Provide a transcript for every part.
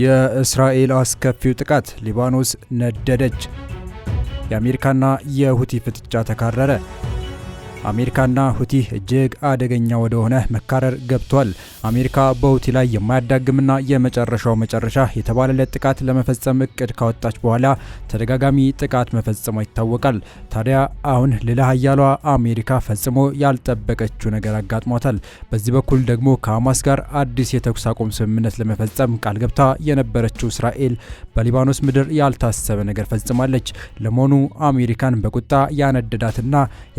የእስራኤል አስከፊው ጥቃት ሊባኖስ ነደደች። የአሜሪካና የሁቲ ፍጥጫ ተካረረ። አሜሪካና ሁቲ እጅግ አደገኛ ወደሆነ መካረር ገብቷል። አሜሪካ በሁቲ ላይ የማያዳግምና የመጨረሻው መጨረሻ የተባለለት ጥቃት ለመፈጸም እቅድ ካወጣች በኋላ ተደጋጋሚ ጥቃት መፈጸሟ ይታወቃል። ታዲያ አሁን ሌላ ሀያሏ አሜሪካ ፈጽሞ ያልጠበቀችው ነገር አጋጥሟታል። በዚህ በኩል ደግሞ ከሐማስ ጋር አዲስ የተኩስ አቁም ስምምነት ለመፈጸም ቃል ገብታ የነበረችው እስራኤል በሊባኖስ ምድር ያልታሰበ ነገር ፈጽማለች። ለመሆኑ አሜሪካን በቁጣ ያነደዳትና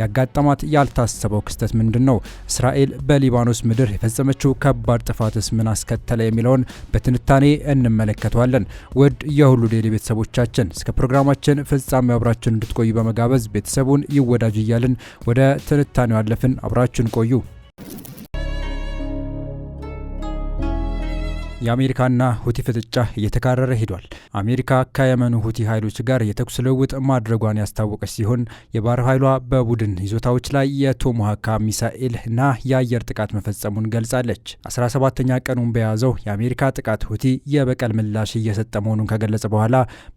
ያጋጠማት ያልታሰበው ክስተት ምንድን ነው? እስራኤል በሊባኖስ ምድር የፈጸመችው ከባድ ጥፋትስ ምን አስከተለ? የሚለውን በትንታኔ እንመለከተዋለን። ውድ የሁሉ ዴይሊ ቤተሰቦቻችን እስከ ፕሮግራማችን ፍጻሜ አብራችን እንድትቆዩ በመጋበዝ ቤተሰቡን ይወዳጅ እያልን ወደ ትንታኔው አለፍን። አብራችን ቆዩ። የአሜሪካና ሁቲ ፍጥጫ እየተካረረ ሄዷል። አሜሪካ ከየመኑ ሁቲ ኃይሎች ጋር የተኩስ ልውውጥ ማድረጓን ያስታወቀች ሲሆን የባህር ኃይሏ በቡድን ይዞታዎች ላይ የቶሞሃካ ሚሳኤል እና የአየር ጥቃት መፈጸሙን ገልጻለች። 17ተኛ ቀኑን በያዘው የአሜሪካ ጥቃት ሁቲ የበቀል ምላሽ እየሰጠ መሆኑን ከገለጸ በኋላ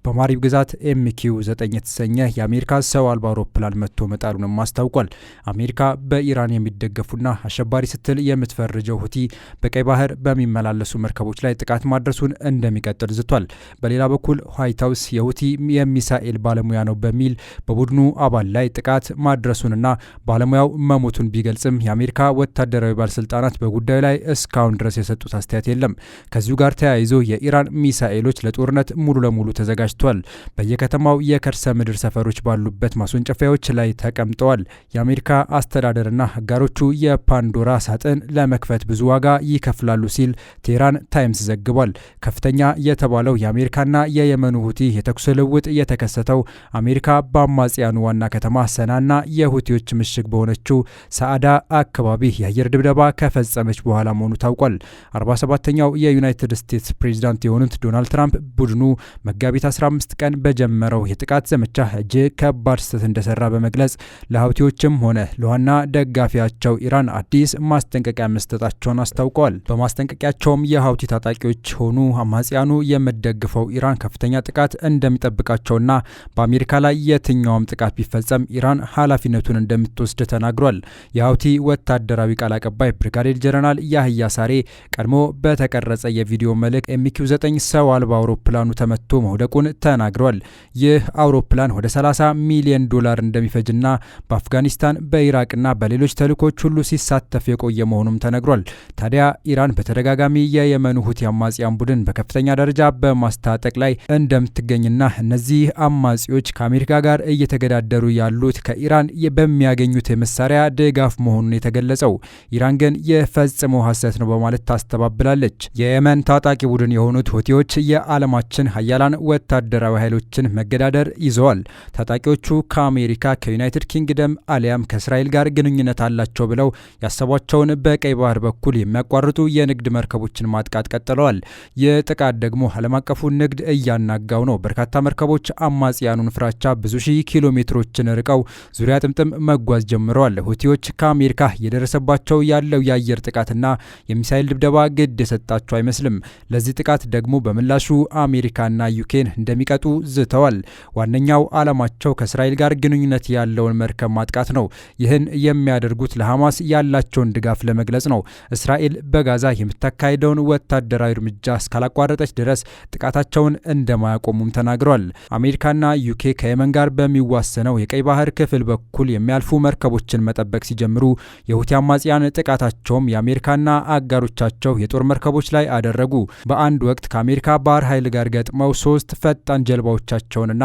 በማሪብ ግዛት ኤምኪው 9 የተሰኘ የአሜሪካ ሰው አልባ አውሮፕላን መጥቶ መጣሉንም አስታውቋል። አሜሪካ በኢራን የሚደገፉና አሸባሪ ስትል የምትፈርጀው ሁቲ በቀይ ባህር በሚመላለሱ መርከቦች ሰዎች ላይ ጥቃት ማድረሱን እንደሚቀጥል ዝቷል። በሌላ በኩል ዋይት ሀውስ የሁቲ የሚሳኤል ባለሙያ ነው በሚል በቡድኑ አባል ላይ ጥቃት ማድረሱንና ባለሙያው መሞቱን ቢገልጽም የአሜሪካ ወታደራዊ ባለስልጣናት በጉዳዩ ላይ እስካሁን ድረስ የሰጡት አስተያየት የለም። ከዚሁ ጋር ተያይዞ የኢራን ሚሳኤሎች ለጦርነት ሙሉ ለሙሉ ተዘጋጅቷል። በየከተማው የከርሰ ምድር ሰፈሮች ባሉበት ማስወንጨፊያዎች ላይ ተቀምጠዋል። የአሜሪካ አስተዳደርና አጋሮቹ የፓንዶራ ሳጥን ለመክፈት ብዙ ዋጋ ይከፍላሉ ሲል ቴህራን ታይምስ ዘግቧል። ከፍተኛ የተባለው የአሜሪካና የየመኑ ሁቲ የተኩስ ልውውጥ የተከሰተው አሜሪካ በአማጽያኑ ዋና ከተማ ሰናና የሁቲዎች ምሽግ በሆነችው ሰዓዳ አካባቢ የአየር ድብደባ ከፈጸመች በኋላ መሆኑ ታውቋል። 47ኛው የዩናይትድ ስቴትስ ፕሬዚዳንት የሆኑት ዶናልድ ትራምፕ ቡድኑ መጋቢት 15 ቀን በጀመረው የጥቃት ዘመቻ እጅግ ከባድ ስህተት እንደሰራ በመግለጽ ለሁቲዎችም ሆነ ለዋና ደጋፊያቸው ኢራን አዲስ ማስጠንቀቂያ መስጠታቸውን አስታውቀዋል። በማስጠንቀቂያቸውም የሁቲ ታጣቂዎች ሆኑ አማጽያኑ የምደግፈው ኢራን ከፍተኛ ጥቃት እንደሚጠብቃቸውና በአሜሪካ ላይ የትኛውም ጥቃት ቢፈጸም ኢራን ኃላፊነቱን እንደምትወስድ ተናግሯል። የሁቲ ወታደራዊ ቃል አቀባይ ብሪጋዴር ጀነራል ያህያ ሳሬ ቀድሞ በተቀረጸ የቪዲዮ መልእክት ኤምኪው 9 ሰው አልባ አውሮፕላኑ ተመቶ መውደቁን ተናግሯል። ይህ አውሮፕላን ወደ 30 ሚሊዮን ዶላር እንደሚፈጅና በአፍጋኒስታን በኢራቅና በሌሎች ተልእኮች ሁሉ ሲሳተፍ የቆየ መሆኑም ተነግሯል። ታዲያ ኢራን በተደጋጋሚ የየመኑ የየመኑ ሁቲ አማጽያን ቡድን በከፍተኛ ደረጃ በማስታጠቅ ላይ እንደምትገኝና እነዚህ አማጺዎች ከአሜሪካ ጋር እየተገዳደሩ ያሉት ከኢራን በሚያገኙት መሳሪያ ድጋፍ መሆኑን የተገለጸው ኢራን ግን የፈጽመው ሀሰት ነው በማለት ታስተባብላለች። የየመን ታጣቂ ቡድን የሆኑት ሁቲዎች የዓለማችን ሀያላን ወታደራዊ ኃይሎችን መገዳደር ይዘዋል። ታጣቂዎቹ ከአሜሪካ ከዩናይትድ ኪንግደም አሊያም ከእስራኤል ጋር ግንኙነት አላቸው ብለው ያሰቧቸውን በቀይ ባህር በኩል የሚያቋርጡ የንግድ መርከቦችን ማጥቃት ጥቃት ቀጥለዋል። ይህ ጥቃት ደግሞ ዓለም አቀፉ ንግድ እያናጋው ነው። በርካታ መርከቦች አማጽያኑን ፍራቻ ብዙ ሺህ ኪሎ ሜትሮችን ርቀው ዙሪያ ጥምጥም መጓዝ ጀምረዋል። ሁቲዎች ከአሜሪካ የደረሰባቸው ያለው የአየር ጥቃትና የሚሳይል ድብደባ ግድ የሰጣቸው አይመስልም። ለዚህ ጥቃት ደግሞ በምላሹ አሜሪካና ዩኬን እንደሚቀጡ ዝተዋል። ዋነኛው ዓላማቸው ከእስራኤል ጋር ግንኙነት ያለውን መርከብ ማጥቃት ነው። ይህን የሚያደርጉት ለሐማስ ያላቸውን ድጋፍ ለመግለጽ ነው። እስራኤል በጋዛ የምታካሄደውን ወታ ወታደራዊ እርምጃ እስካላቋረጠች ድረስ ጥቃታቸውን እንደማያቆሙም ተናግረዋል። አሜሪካና ዩኬ ከየመን ጋር በሚዋሰነው የቀይ ባህር ክፍል በኩል የሚያልፉ መርከቦችን መጠበቅ ሲጀምሩ የሁቲ አማጽያን ጥቃታቸውም የአሜሪካና አጋሮቻቸው የጦር መርከቦች ላይ አደረጉ። በአንድ ወቅት ከአሜሪካ ባህር ኃይል ጋር ገጥመው ሶስት ፈጣን ጀልባዎቻቸውንና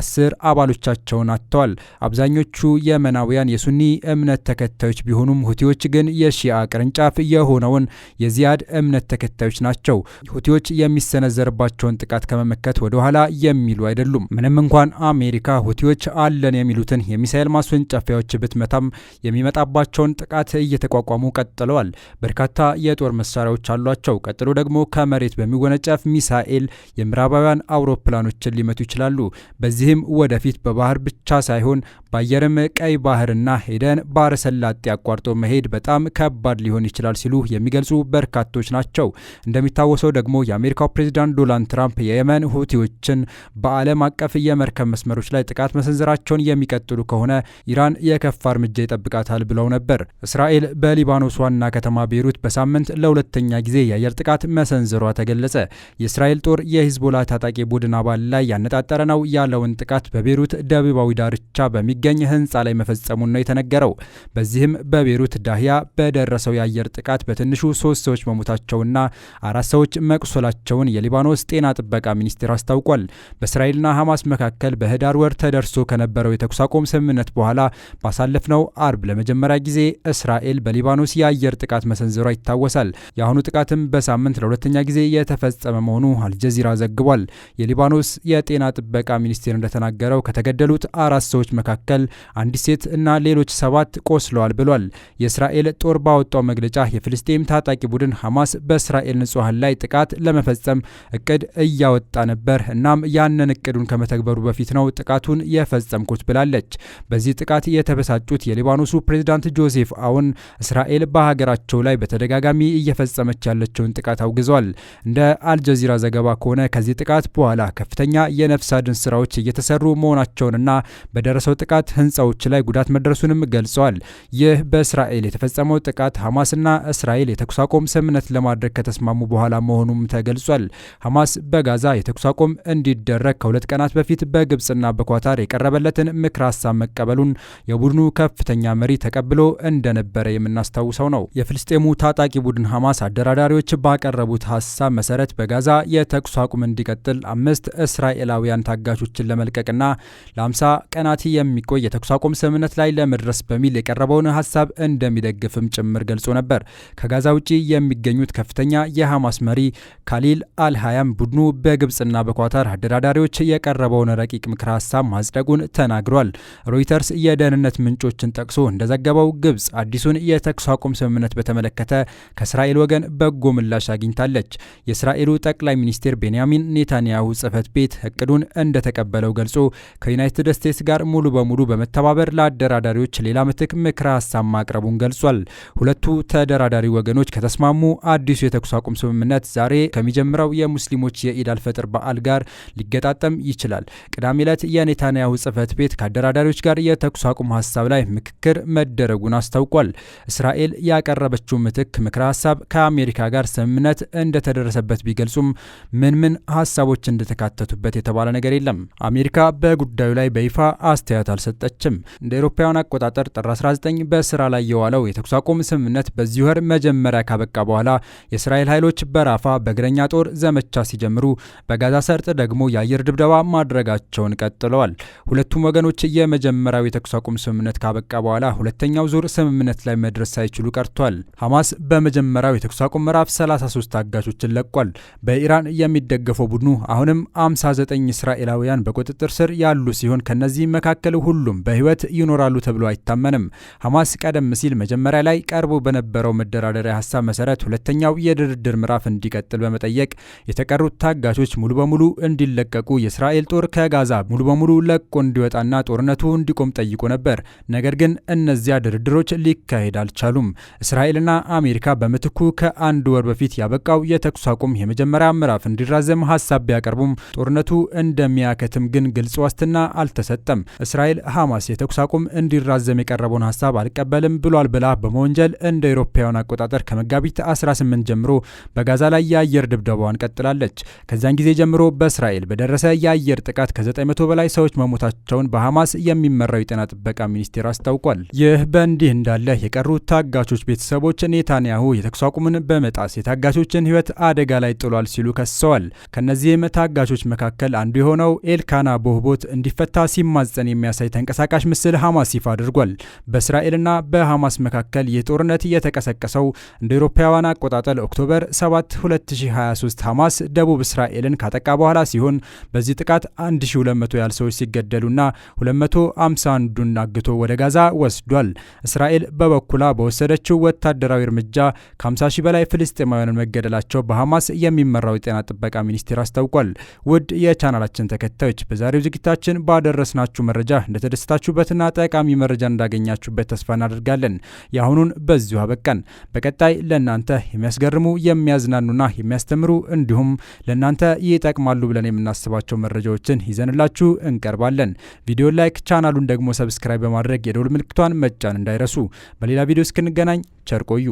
አስር አባሎቻቸውን አጥተዋል። አብዛኞቹ የመናውያን የሱኒ እምነት ተከታዮች ቢሆኑም ሁቲዎች ግን የሺአ ቅርንጫፍ የሆነውን የዚያድ እምነት ተከታዮች ኃይሎች ናቸው። ሁቲዎች የሚሰነዘርባቸውን ጥቃት ከመመከት ወደ ኋላ የሚሉ አይደሉም። ምንም እንኳን አሜሪካ ሁቲዎች አለን የሚሉትን የሚሳኤል ማስወንጨፊያዎች ብትመታም የሚመጣባቸውን ጥቃት እየተቋቋሙ ቀጥለዋል። በርካታ የጦር መሳሪያዎች አሏቸው። ቀጥሎ ደግሞ ከመሬት በሚወነጨፍ ሚሳኤል የምዕራባውያን አውሮፕላኖችን ሊመቱ ይችላሉ። በዚህም ወደፊት በባህር ብቻ ሳይሆን በአየርም ቀይ ባህርና ሄደን ባረሰላጤ አቋርጦ መሄድ በጣም ከባድ ሊሆን ይችላል ሲሉ የሚገልጹ በርካቶች ናቸው። እንደሚታወሰው ደግሞ የአሜሪካው ፕሬዚዳንት ዶናልድ ትራምፕ የየመን ሁቲዎችን በዓለም አቀፍ የመርከብ መስመሮች ላይ ጥቃት መሰንዘራቸውን የሚቀጥሉ ከሆነ ኢራን የከፋ እርምጃ ይጠብቃታል ብለው ነበር። እስራኤል በሊባኖስ ዋና ከተማ ቤይሩት በሳምንት ለሁለተኛ ጊዜ የአየር ጥቃት መሰንዘሯ ተገለጸ። የእስራኤል ጦር የሂዝቦላ ታጣቂ ቡድን አባል ላይ ያነጣጠረ ነው ያለውን ጥቃት በቤይሩት ደቡባዊ ዳርቻ በሚገኝ ህንፃ ላይ መፈጸሙን ነው የተነገረው። በዚህም በቤይሩት ዳህያ በደረሰው የአየር ጥቃት በትንሹ ሶስት ሰዎች መሞታቸውና አራት ሰዎች መቁሰላቸውን የሊባኖስ ጤና ጥበቃ ሚኒስቴር አስታውቋል። በእስራኤልና ሐማስ መካከል በህዳር ወር ተደርሶ ከነበረው የተኩስ አቁም ስምምነት በኋላ ባሳለፍነው አርብ ለመጀመሪያ ጊዜ እስራኤል በሊባኖስ የአየር ጥቃት መሰንዘሯ ይታወሳል። የአሁኑ ጥቃትም በሳምንት ለሁለተኛ ጊዜ የተፈጸመ መሆኑ አልጀዚራ ዘግቧል። የሊባኖስ የጤና ጥበቃ ሚኒስቴር እንደተናገረው ከተገደሉት አራት ሰዎች መካከል አንዲት ሴት እና ሌሎች ሰባት ቆስለዋል ብሏል። የእስራኤል ጦር ባወጣው መግለጫ የፍልስጤም ታጣቂ ቡድን ሐማስ በእስራኤል ንጹሐን ላይ ጥቃት ለመፈጸም እቅድ እያወጣ ነበር። እናም ያንን እቅዱን ከመተግበሩ በፊት ነው ጥቃቱን የፈጸምኩት ብላለች። በዚህ ጥቃት የተበሳጩት የሊባኖሱ ፕሬዚዳንት ጆሴፍ አውን እስራኤል በሀገራቸው ላይ በተደጋጋሚ እየፈጸመች ያለችውን ጥቃት አውግዟል። እንደ አልጀዚራ ዘገባ ከሆነ ከዚህ ጥቃት በኋላ ከፍተኛ የነፍስ አድን ስራዎች እየተሰሩ መሆናቸውንና በደረሰው ጥቃት ህንፃዎች ላይ ጉዳት መድረሱንም ገልጸዋል። ይህ በእስራኤል የተፈጸመው ጥቃት ሐማስና እስራኤል የተኩስ አቁም ስምምነት ለማድረግ ከተስማ ከተስማሙ በኋላ መሆኑም ተገልጿል። ሐማስ በጋዛ የተኩስ አቁም እንዲደረግ ከሁለት ቀናት በፊት በግብፅና በኳታር የቀረበለትን ምክር ሀሳብ መቀበሉን የቡድኑ ከፍተኛ መሪ ተቀብሎ እንደነበረ የምናስታውሰው ነው። የፍልስጤሙ ታጣቂ ቡድን ሐማስ አደራዳሪዎች ባቀረቡት ሀሳብ መሰረት በጋዛ የተኩስ አቁም እንዲቀጥል አምስት እስራኤላውያን ታጋቾችን ለመልቀቅና ለ50 ቀናት የሚቆይ የተኩስ አቁም ስምምነት ላይ ለመድረስ በሚል የቀረበውን ሀሳብ እንደሚደግፍም ጭምር ገልጾ ነበር። ከጋዛ ውጪ የሚገኙት ከፍተኛ የሐማስ መሪ ካሊል አልሃያም ቡድኑ በግብፅና በኳታር አደራዳሪዎች የቀረበውን ረቂቅ ምክረ ሀሳብ ማጽደቁን ተናግሯል። ሮይተርስ የደህንነት ምንጮችን ጠቅሶ እንደዘገበው ግብፅ አዲሱን የተኩስ አቁም ስምምነት በተመለከተ ከእስራኤል ወገን በጎ ምላሽ አግኝታለች። የእስራኤሉ ጠቅላይ ሚኒስትር ቤንያሚን ኔታንያሁ ጽህፈት ቤት እቅዱን እንደተቀበለው ገልጾ ከዩናይትድ ስቴትስ ጋር ሙሉ በሙሉ በመተባበር ለአደራዳሪዎች ሌላ ምትክ ምክረ ሀሳብ ማቅረቡን ገልጿል። ሁለቱ ተደራዳሪ ወገኖች ከተስማሙ አዲሱ የተኩስ የአቁም ስምምነት ዛሬ ከሚጀምረው የሙስሊሞች የኢድ አልፈጥር በዓል ጋር ሊገጣጠም ይችላል። ቅዳሜ ዕለት የኔታንያሁ ጽህፈት ቤት ከአደራዳሪዎች ጋር የተኩስ አቁም ሀሳብ ላይ ምክክር መደረጉን አስታውቋል። እስራኤል ያቀረበችው ምትክ ምክረ ሀሳብ ከአሜሪካ ጋር ስምምነት እንደተደረሰበት ቢገልጹም ምን ምን ሀሳቦች እንደተካተቱበት የተባለ ነገር የለም። አሜሪካ በጉዳዩ ላይ በይፋ አስተያየት አልሰጠችም። እንደ አውሮፓውያን አቆጣጠር ጥር 19 በስራ ላይ የዋለው የተኩስ አቁም ስምምነት በዚህ ወር መጀመሪያ ካበቃ በኋላ የእስራኤል ኃይሎች በራፋ በእግረኛ ጦር ዘመቻ ሲጀምሩ፣ በጋዛ ሰርጥ ደግሞ የአየር ድብደባ ማድረጋቸውን ቀጥለዋል። ሁለቱም ወገኖች የመጀመሪያው የተኩስ አቁም ስምምነት ካበቃ በኋላ ሁለተኛው ዙር ስምምነት ላይ መድረስ ሳይችሉ ቀርቷል። ሐማስ በመጀመሪያው የተኩስ አቁም ምዕራፍ 33 አጋቾችን ለቋል። በኢራን የሚደገፈው ቡድኑ አሁንም 59 እስራኤላውያን በቁጥጥር ስር ያሉ ሲሆን ከነዚህ መካከል ሁሉም በሕይወት ይኖራሉ ተብሎ አይታመንም። ሐማስ ቀደም ሲል መጀመሪያ ላይ ቀርቦ በነበረው መደራደሪያ ሀሳብ መሰረት ሁለተኛው የድርድር የድርድር ምዕራፍ እንዲቀጥል በመጠየቅ የተቀሩት ታጋቾች ሙሉ በሙሉ እንዲለቀቁ የእስራኤል ጦር ከጋዛ ሙሉ በሙሉ ለቆ እንዲወጣና ጦርነቱ እንዲቆም ጠይቆ ነበር። ነገር ግን እነዚያ ድርድሮች ሊካሄድ አልቻሉም። እስራኤልና አሜሪካ በምትኩ ከአንድ ወር በፊት ያበቃው የተኩስ አቁም የመጀመሪያ ምዕራፍ እንዲራዘም ሀሳብ ቢያቀርቡም ጦርነቱ እንደሚያከትም ግን ግልጽ ዋስትና አልተሰጠም። እስራኤል ሐማስ የተኩስ አቁም እንዲራዘም የቀረበውን ሀሳብ አልቀበልም ብሏል ብላ በመወንጀል እንደ አውሮፓውያን አቆጣጠር ከመጋቢት 18 ጀምሮ በጋዛ ላይ የአየር ድብደባዋን ቀጥላለች። ከዚያን ጊዜ ጀምሮ በእስራኤል በደረሰ የአየር ጥቃት ከ900 በላይ ሰዎች መሞታቸውን በሐማስ የሚመራው የጤና ጥበቃ ሚኒስቴር አስታውቋል። ይህ በእንዲህ እንዳለ የቀሩ ታጋቾች ቤተሰቦች ኔታንያሁ የተኩስ አቁምን በመጣስ የታጋቾችን ሕይወት አደጋ ላይ ጥሏል ሲሉ ከሰዋል። ከእነዚህም ታጋቾች መካከል አንዱ የሆነው ኤልካና ቦህቦት እንዲፈታ ሲማጸን የሚያሳይ ተንቀሳቃሽ ምስል ሐማስ ይፋ አድርጓል። በእስራኤልና በሐማስ መካከል ይህ ጦርነት የተቀሰቀሰው እንደ አውሮፓውያን አቆጣጠር ኦክቶበር ህዳር 7 2023 ሐማስ ደቡብ እስራኤልን ካጠቃ በኋላ ሲሆን በዚህ ጥቃት 1200 ያህል ሰዎች ሲገደሉና 251ዱን አግቶ ወደ ጋዛ ወስዷል። እስራኤል በበኩላ በወሰደችው ወታደራዊ እርምጃ ከ50 ሺህ በላይ ፍልስጤማውያንን መገደላቸው በሐማስ የሚመራው የጤና ጥበቃ ሚኒስቴር አስታውቋል። ውድ የቻናላችን ተከታዮች በዛሬው ዝግጅታችን ባደረስናችሁ መረጃ እንደተደሰታችሁበትና ጠቃሚ መረጃ እንዳገኛችሁበት ተስፋ እናደርጋለን። የአሁኑን በዚሁ አበቃን። በቀጣይ ለእናንተ የሚያስገርሙ የሚያዝናኑና የሚያስተምሩ እንዲሁም ለእናንተ ይጠቅማሉ ብለን የምናስባቸው መረጃዎችን ይዘንላችሁ እንቀርባለን። ቪዲዮ ላይክ፣ ቻናሉን ደግሞ ሰብስክራይብ በማድረግ የደውል ምልክቷን መጫን እንዳይረሱ። በሌላ ቪዲዮ እስክንገናኝ ቸርቆዩ